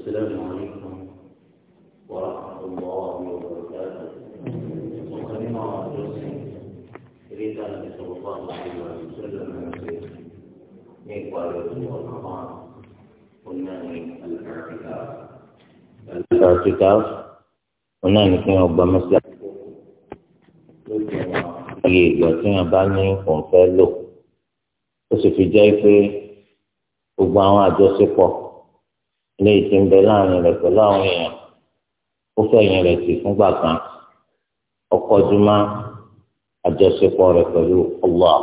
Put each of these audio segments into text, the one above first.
السلام عليكم ورحمة الله وبركاته وقدمنا درس يريد أن صلى الله عليه وسلم من قالوا والقرآن قلنا الاعتكاف الاعتكاف قلنا نكون أبا مسلم iye ìgbà tí wọn bá ní kò lò ó sì fi jẹ́ pé gbogbo àwọn àjọṣepọ̀ ilé ìsìnbẹ láàrin rẹ̀ pẹ̀lú àwọn èèyàn ó fẹ̀yìn rẹ̀ sí fúngbà kan ọkọjúmọ́ àjọṣepọ̀ rẹ̀ pẹ̀lú Allah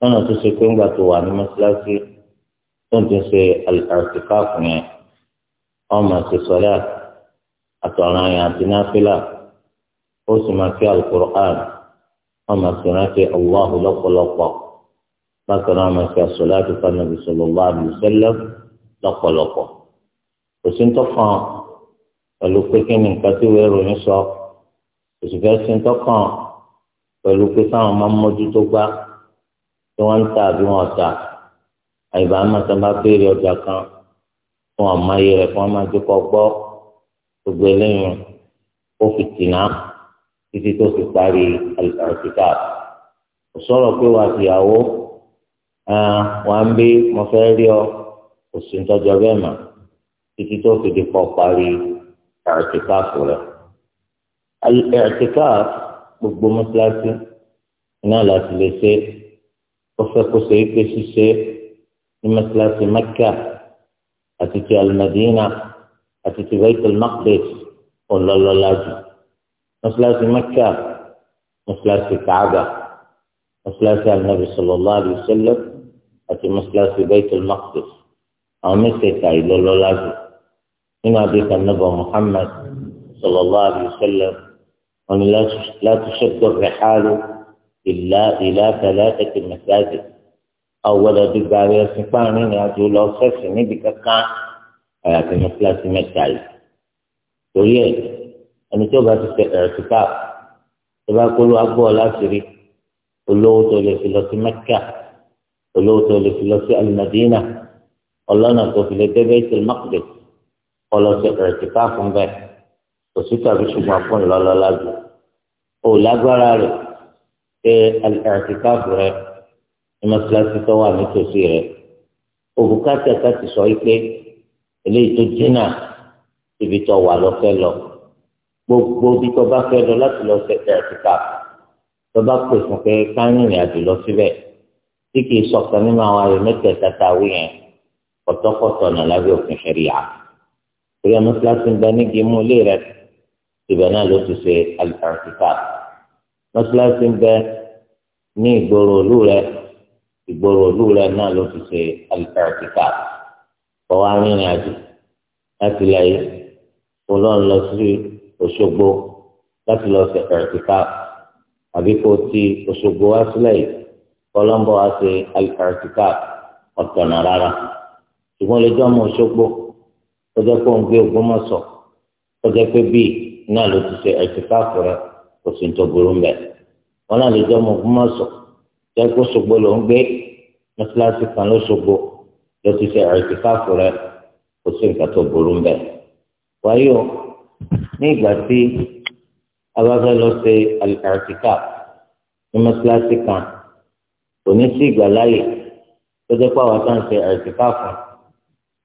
lọ́nà tó ṣe pé ńgbà tó wà ní mọ́ṣáláṣí tó ń ti ṣe àlùkàtìkáàfù yẹn wọ́n máa ṣe sọ́lá àtọ̀ràn yẹn àti náfìlà ó sì máa fi alukur'an wọ́n máa fi rántí Allah lọ́pọ̀lọpọ̀ bákan náà máa fi àṣọlá àti fanabi sallallahu alaihi wasallam lọ́pọ̀lọpọ̀ kò sí ń tọ́kàn pẹ̀lú pé kí ni nǹkan tí ìwé ìròyìn sọ kò sì fẹ́ sí ń tọ́kàn pẹ̀lú pé káwọn máa ń mójútó gbá tí wọ́n ń ta àbí wọ́n ta àyíbá amọ̀tá bá béèrè ọjà kan fún ọmọ ayé rẹ̀ fún ọmọ ajé kọ gbọ́ gbogbo eléyìí ó fi tìǹà títí tó fi parí àlùfáàtìkà kò sọ̀rọ̀ pé wàá fìyàwó ah, wàá ń bí mo fẹ́ rí ọ kò ń tọ́jọ́ bẹ́ẹ̀ mọ́. títí tó fi di pọ̀ parí ẹ̀ẹ́tìkáàfù rẹ̀. ẹ̀ẹ́tìkáàfù gbogbo mọ́tíláṣí iná láti lè ṣe ó fẹ́ kó ṣe ike ṣíṣe ní mọ́tíláṣí mẹ́kà àti ti alimadina àti ti baitul maqdis ọlọ́lọ́lájú mọ́tíláṣí mẹ́kà mọ́tíláṣí kàába mọ́tíláṣí anabi sallallahu alayhi wa sallam àti mọ́tíláṣí baitul maqdis àwọn mẹ́tẹ̀ẹ̀ta ìlọ́lọ́lájú. من أبيك النبي محمد صلى الله عليه وسلم ومن لا تشد الرحال إلا إلى ثلاثة مساجد أولا بالبارية سفان من أجل إيه؟ الله سرسي نبيك كان أي في مثلاث مساجد تريد أن توبها سفاف تبا كل أبو الأسري كله تولي في لس مكة كله تولي في لس المدينة والله نقول في بيت المقدس ọlọsẹ ẹtìká fún bẹ́ẹ̀ kò sí tàbí ṣùgbọ́n fún ìlọlọlá jù ó lágbára rẹ̀ pé ẹtìká fún rẹ̀ ní mọ́sálásí tó wà nítòsí rẹ̀ òbúkátà káti sọ pé eléyìí tó dínà ibi tó wà lọfẹ lọ gbogbo bí tó bá fẹ́ lọ láti lọ ṣe ẹtìká tó bá pè fún pé káyìn àjò lọ síbẹ̀ tí kìí sọkàn nínú àwọn ayò mẹ́tẹ̀ẹ̀ta tá a wí yẹn pọtọpọtọ nà lábẹ́ òfin ṣẹlẹ àá torí ọmọ síláṣí ń bẹ nígi mú ilé rẹ ibẹ̀ náà ló ti ṣe àlùfáàtìkà ọmọ síláṣí ń bẹ ní ìgboro òlú rẹ ìgboro òlú rẹ náà ló ti ṣe àlùfáàtìkà ọwọ́ arìnrìn àjò láti lẹ́yìn olóòn lọ sí Òṣogbo láti lọ ṣe àlùfáàtìkà àbí kò ti Òṣogbo wá sílẹ̀ yìí kọlọmbọ wá ṣe àlùfáàtìkà ọ̀tọ̀nà rárá ṣùgbọ́n lè jọ ọmọ Òṣogbo ọjọ́ pé òun gbé Ògbómọ̀ṣọ́ ọjọ́ pé bíi náà ló ti ṣe ẹ̀tìkáàfù rẹ kò sì ń tó burú mbẹ wọn náà lè jọ ọmọ Ògbómọ̀ṣọ́ jẹ́ kó Ṣògbó ló ń gbé mọ́ṣáláṣí kan ló Ṣògbó ló ti ṣe ẹ̀tìkáàfù rẹ kò sí nǹkan tó burú mbẹ wáyé ní ìgbà tí a lọ ṣe ẹ̀tìkáàfù ní mọ́ṣáláṣí kan kò ní sí ìgbà tó jẹ́ pé àwọn ṣe ẹ̀tìkáàfù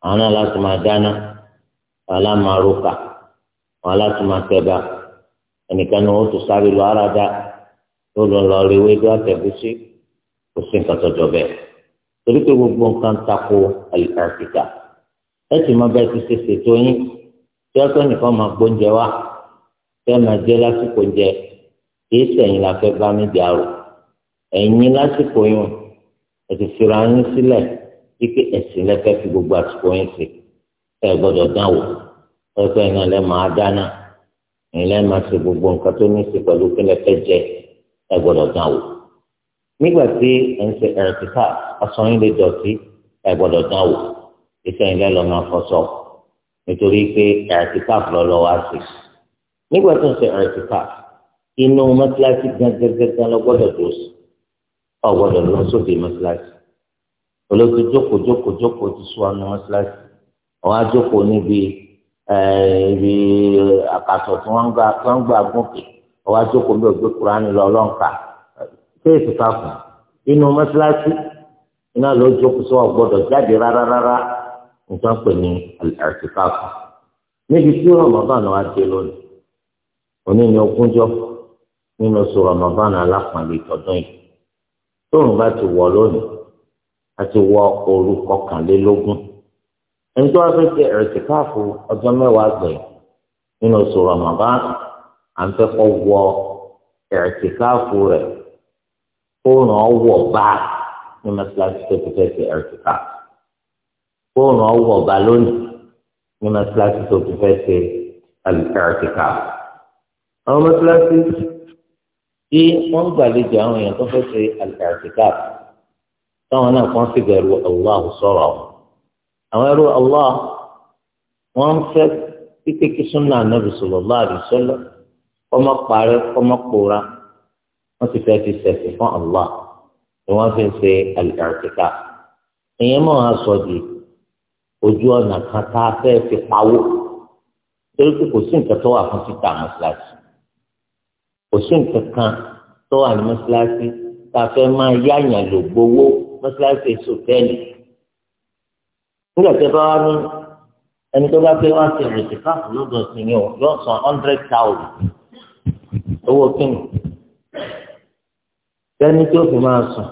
àwọn náà láti máa dáná wọn aláma roka wọn alátùmá tẹba ẹnìkan ni wọn tún sáré lọ aráda tó lọ lọ rí wéjú àtẹgúsí kò sí nǹkan tọjọ bẹ́ẹ̀ torí pé gbogbo nǹkan tako àlìkàtìkà ẹ sì máa bẹ́ẹ̀ ti ṣe ṣètò yín tí wọn tán nìkan máa gbóúnjẹ wá tí máa jẹ lásìkò jẹ kì sẹ́yìn la fẹ́ bá mi dàrú ẹ̀yin lásìkò yìí ẹ̀sìn fira yín sílẹ̀ wípé ẹ̀sìn lẹ́fẹ́ fi gbogbo àsìkò yín sí ẹ̀ gbọ́dọ̀ dán lọ́sọ̀ iná lẹ́ máa dáná ẹ̀yin lẹ́ máa ṣe gbogbo nǹkan tó ní í ṣe pẹ̀lú kí lẹ́ fẹ́ jẹ ẹ gbọ́dọ̀ dán wò nígbà tí ẹ̀ ń ṣe ẹ̀rẹ̀tìkà aṣọ yín lè dọ̀tí ẹ gbọ́dọ̀ dán wò iṣẹ́ yín lẹ́ lọ́ máa fọṣọ nítorí pé ẹ̀rẹ̀tìkà lọ́lọ́ wá sí nígbà tó ń ṣe ẹ̀rẹ̀tìkà inú mọ́tíláṣí gángan lọ gbọ́dọ̀ tó sí ọ Eh, ibi àkàtọ̀ tí wọ́n ń gba tí wọ́n gba gòkè bí kuraani lọ ọlọ́ǹkà fèsì káfọ́ inú iná ló jókòó jáde nǹkan pè ní níbi wa dé lónìí òní ni nínú yìí tóun bá ti wọ lónìí a ti wọ òru kọkànlélógún. ẹni tó wá fẹ́ ṣe ẹ̀rẹ̀tìkáàfù ọjọ́ mẹ́wàá gbẹ̀ nínú oṣù Ramadan à ń fẹ́ kọ́ wọ ẹ̀rẹ̀tìkáàfù rẹ̀ kó ràn ọ́ wọ̀ bá ní mẹ́sàlásì tó ti fẹ́ ṣe ẹ̀rẹ̀tìkáàfù kó ràn ọ́ wọ̀ bá lónìí ní mẹ́sàlásì tó ti fẹ́ àwọn mẹ́sàlásì tí wọ́n gbàlejò àwọn èèyàn tó fẹ́ ṣe ẹ̀rẹ̀tìkáàfù táwọn náà kàn sì bẹ̀rù Allah sọ̀rọ̀ àwọn àwọn ẹrú Allah wọ́n ń fẹ́ pípé kí súnà nàbì sallallahu alaihi wasallam kọ́mọ parẹ́ kọ́mọ pòórá wọ́n ti fẹ́ fi sẹ̀sìn fún Allah ni wọ́n fi ń ṣe àlùkàtìkà ìyẹn mọ̀ á sọ di ojú ọ̀nà kan tá a fẹ́ fi pawó torí pé kò sí nǹkan tó wà fún títà mọ́ṣáláṣí kò sí nǹkan kan tó wà ní mọ́ṣáláṣí tá a fẹ́ máa yáyàn lò gbowó èso tẹ́lẹ̀ nígbà tí ẹ bá wá ní ẹni tó bá fẹ́ wá sí ìrètí káàkiri lọ́dọ̀ sí ni ó yọ san hundred thousand owó kíni sẹ́ni tí ó fi máa sùn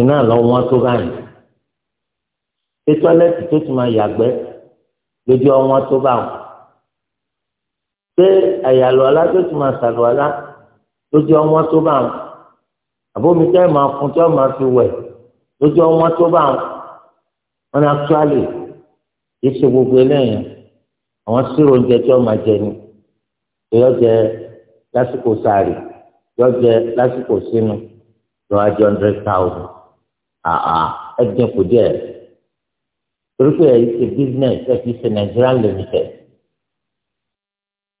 iná lọ wọ́n tó báyìí ṣé tọ́lẹ́tì tó ti máa yàgbẹ́ lójú ọwọ́n tó bá wọn ṣé àyàlọ́lá tó ti máa ṣàlọ́lá lójú ọwọ́n tó bá wọn àbómi tẹ́ máa fún tí wọ́n máa fi wẹ̀ lójú ọwọ́n tó bá wọn wọn náà tó àlè ìṣe gbogbo eléyìn àwọn sírò oúnjẹ tí wọn máa jẹ ni yóò jẹ lásìkò sáré yóò jẹ lásìkò sínú lọ́wọ́ àjọ hundred thousand àà ẹ̀dín kò díẹ̀ torí pé ẹ̀yìn ṣe business ẹ̀ fi ṣe Nigerian limited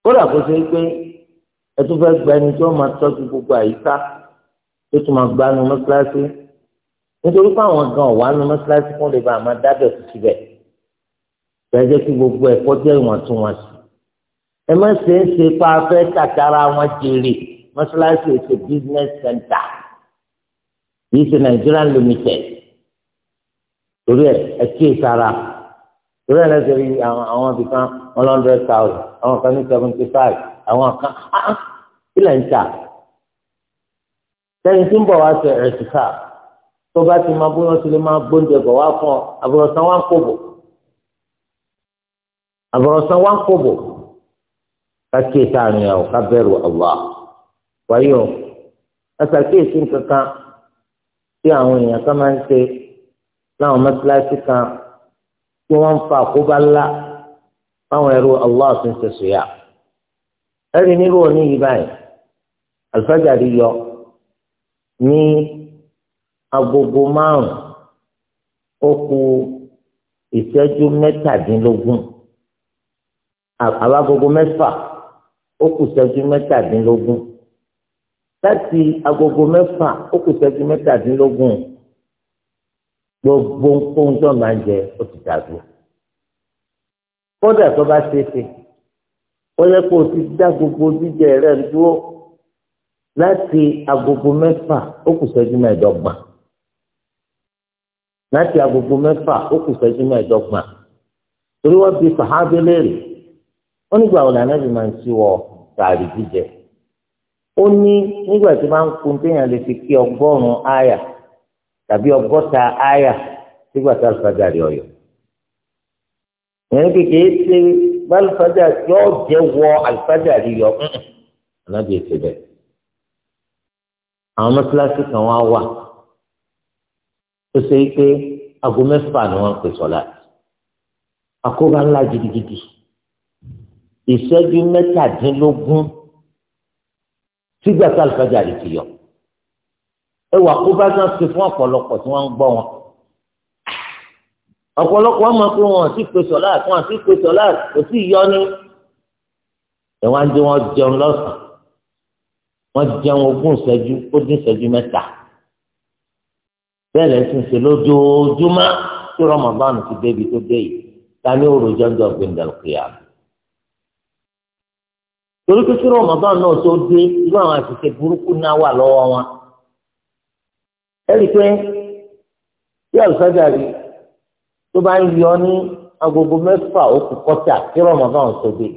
kódà kó ṣe pé ẹ tún fẹ́ gba ẹni tí wọ́n máa tọ́jú gbogbo àyíká tó tún máa gbanú mọ́ṣáláṣí nítorí pé àwọn gan ọ̀wá nu mọ́ṣáláṣí fún lè ba àmọ́ dábẹ̀ kù síbẹ̀ gbẹ̀jẹ̀ kí gbogbo ẹ̀kọ́ jẹ́ ìwọ̀ntúnwọ̀nsì ẹ má ṣe é ṣe pa afẹ́ tàkàrà wọn jèrè mọ́ṣáláṣí ètò business center yìí ṣe Nigerian limited torí ẹ ẹ kí è sára torí ẹ lẹ́sẹ̀ rí àwọn àwọn ibìkan one hundred thousand àwọn kan ní seventy five àwọn kan ilẹ̀ ah, ah, ń ta sẹ́yìn tí ń bọ̀ wá ṣe ẹ̀ṣin káà tó bá ti máa bóyá sílé máa gbóúnjẹ bọ̀ wá fún ọ àbùrọ̀sán wá ń kóbò àbùrọ̀sán wá ń kóbò kákíyè sáàrin ẹ̀ ò ká bẹ̀rù Allah wáyé o ẹsàkíyèsí kankan tí àwọn èèyàn kan máa ń ṣe láwọn mọ́tíláṣí kan tí wọ́n ń fa àkóbá ńlá fáwọn ẹrú Allah tó ń ẹ̀rí nílùú òní báyìí àlùfáàjà rí yọ ní agogo márùn ó kù ìṣẹ́jú mẹ́tàdínlógún àbágogo mẹ́fà ó kù ìṣẹ́jú mẹ́tàdínlógún láti agogo mẹ́fà ó kù ìṣẹ́jú mẹ́tàdínlógún gbogbo ohun tó máa ń jẹ ó ti dàgbò kódà tó bá ṣe é ṣe ó yẹ kó o ti dá gbogbo jíjẹ rẹ dúró láti agogo mẹ́fà ó kù ìṣẹ́jú mẹ́ẹ̀ẹ́dọ́gbọ̀n. láti agogo mẹ́fà ó kù ṣẹ́jú mẹ́ẹ̀ẹ́dọ́gbọ̀n torí wọ́n fi sàhábé léèrè ó nígbà wo lànà ìgbìmọ̀ ń ti wọ jíjẹ ó ní nígbà tí máa ń kun téèyàn lè fi kí ọgọ́rùn-ún àyà tàbí ọgọ́ta àyà nígbà tí alifájàrí kékeré ṣe wọ yọ ètò bẹ́ẹ̀ àwọn mọ́tíláṣí kan wá wà. tó ṣe pé aago mẹ́fà ni wọ́n ń pè sọ́lá àkóbá ńlá gidigidi ìṣẹ́jú mẹ́tàdínlógún sígbà tá àlùfáàjà rè ti yọ ẹ wà àkóbá náà ṣe fún ọ̀pọ̀lọpọ̀ tí wọ́n ń gbọ́ wọn ọ̀pọ̀lọpọ̀ ọmọ pé wọn àti pè sọ́lá wọn àti pè sọ́lá kò sí yọ ní ẹ wá ń jẹ wọn jẹun lọ́sàn-án wọn jẹun ogún ìṣẹ́jú ó dín ìṣẹ́jú mẹ́ta. bẹ́ẹ̀ lẹ́ sìn ṣe lójoojúmọ́ tí Ramadan ti débi tó dé yìí ta ni òròjọ́ ń dọ̀gbẹ́ ìdàlùkìyà. torí pé tí Ramadan náà tó dé irú àwọn àṣìṣe burúkú náà wà lọ́wọ́ wọn. ẹ i pé bí àlùfáàjà rí tó bá ń yọ ní agogo mẹ́fà òkú kọ́tà tí tó dé.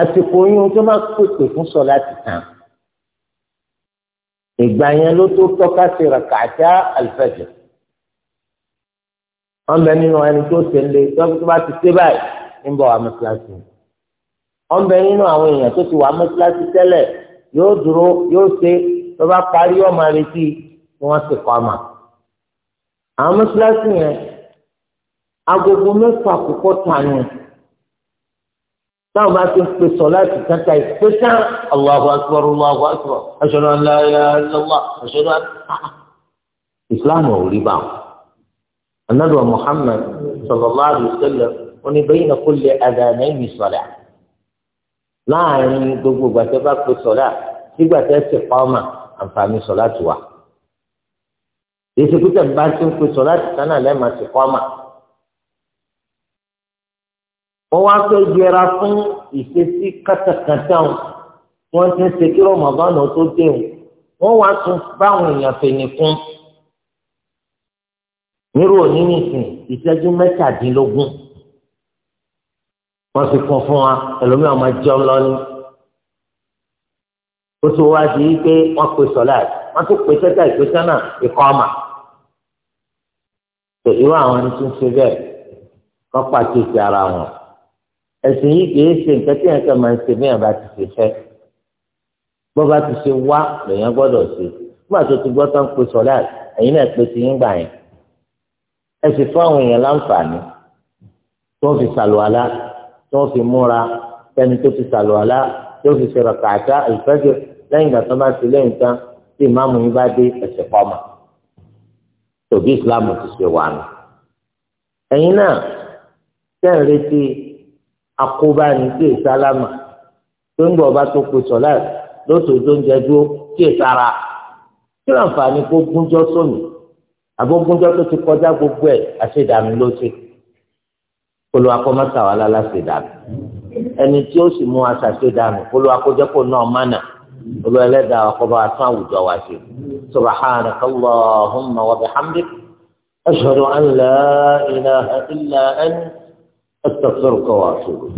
àsìkò yín tó pèpè fún ìgbà yẹn ló tó tọ́ka sí rakata al-fajr wọn bẹ nínú ẹni tó ṣe ń lé tó bá ti ṣe báyìí ń bọ̀ wá mọ́sálásí wọn bẹ nínú àwọn èèyàn tó ti wá mọ́sálásí tẹ́lẹ̀ yóò dúró yóò ṣe tó bá parí ọmọ retí kí wọ́n sì kọ́ ọmọ àwọn mọ́sálásí yẹn agogo mẹ́fà kókó tà ní táwọn bá ti ń pè sọ láti kàkà ìpè tán Allahu akbar Allahu akbar ashhadu an la ilaha illallah ashhadu an islam ò rí bá wọn. anabi muhammad sallallahu alayhi wa sallam oní bayna kulli adhanayn salah láàrin gbogbo gbàtẹ́ bá pè sọ̀lá sígbàtẹ́ sì pàmà àǹfààní sọ̀lá tiwa. èsì pítẹ̀ bá ti ń pè sọ̀lá tìkánà lẹ́ẹ̀ma sì pàmà wọ́n wá fẹ́ yẹra fún ìṣesí kátàkátà o wọ́n ti ń ṣe kí rọmọbánà tó dé o wọ́n wá tún báwọn èèyàn fèèyàn fún nírò oníyìnsìn ìṣẹ́jú mẹ́tàdínlógún wọ́n ti kún fún wa ẹlòmíràn máa jẹun lọ́ní ó tún wá di pé wọ́n pe sọ̀lá ẹ̀ wọ́n tún pe sẹ́tà ìpèsè náà ikọ́ ọmọ ìwọ àwọn ẹni tó ń ṣe bẹ́ẹ̀ kọ́ pàkíyèsí ara wọn ẹ̀sìn yìí kìí ṣe nǹkan tí yẹn kàn máa ń ṣe bí yẹn bá ti ṣe fẹ́ bó bá ti ṣe wá lèyàn gbọ́dọ̀ ṣe nígbà tó ti gbọ́ tán pé sọ́lá ẹ̀yin náà pé ti ń gbà yẹn ẹ sì fún àwọn èèyàn láǹfààní tó ń fi sàlùwàlá tó ń fi múra tẹni tó fi sàlùwàlá tó fi ṣe rọ̀kàtà ìfẹ́jọ lẹ́yìn ìgbà tó bá ti lẹ́yìn tán tí ìmáàmù yín bá dé ẹ̀sẹ̀ pọ́mà tòbí ìsìláàmù ti ṣe wà nù ẹ̀yin náà tẹ́ àkóbá ni tí è sálámà tó ń gbọ́ ọba tó pe sọ̀lá lóṣooṣù tó ń jẹ dúró tí è sára kí ló ń fà ní kó gúnjọ́ sómi àbógúnjọ́ tó ti kọjá gbogbo ẹ̀ àṣedàmì ló ṣe kólú akọ́mọ́sà wà lálá ṣèdàmì ẹni tí ó sì mú aṣà ṣèdàmì kólú akọ́jọ́pọ̀ náà mánà olú ẹlẹ́dàá ọkọ̀bá àtún àwùjọ wa ṣe subhanaka allahumma wa bihamdik ashhadu an la أستغفرك وأتوب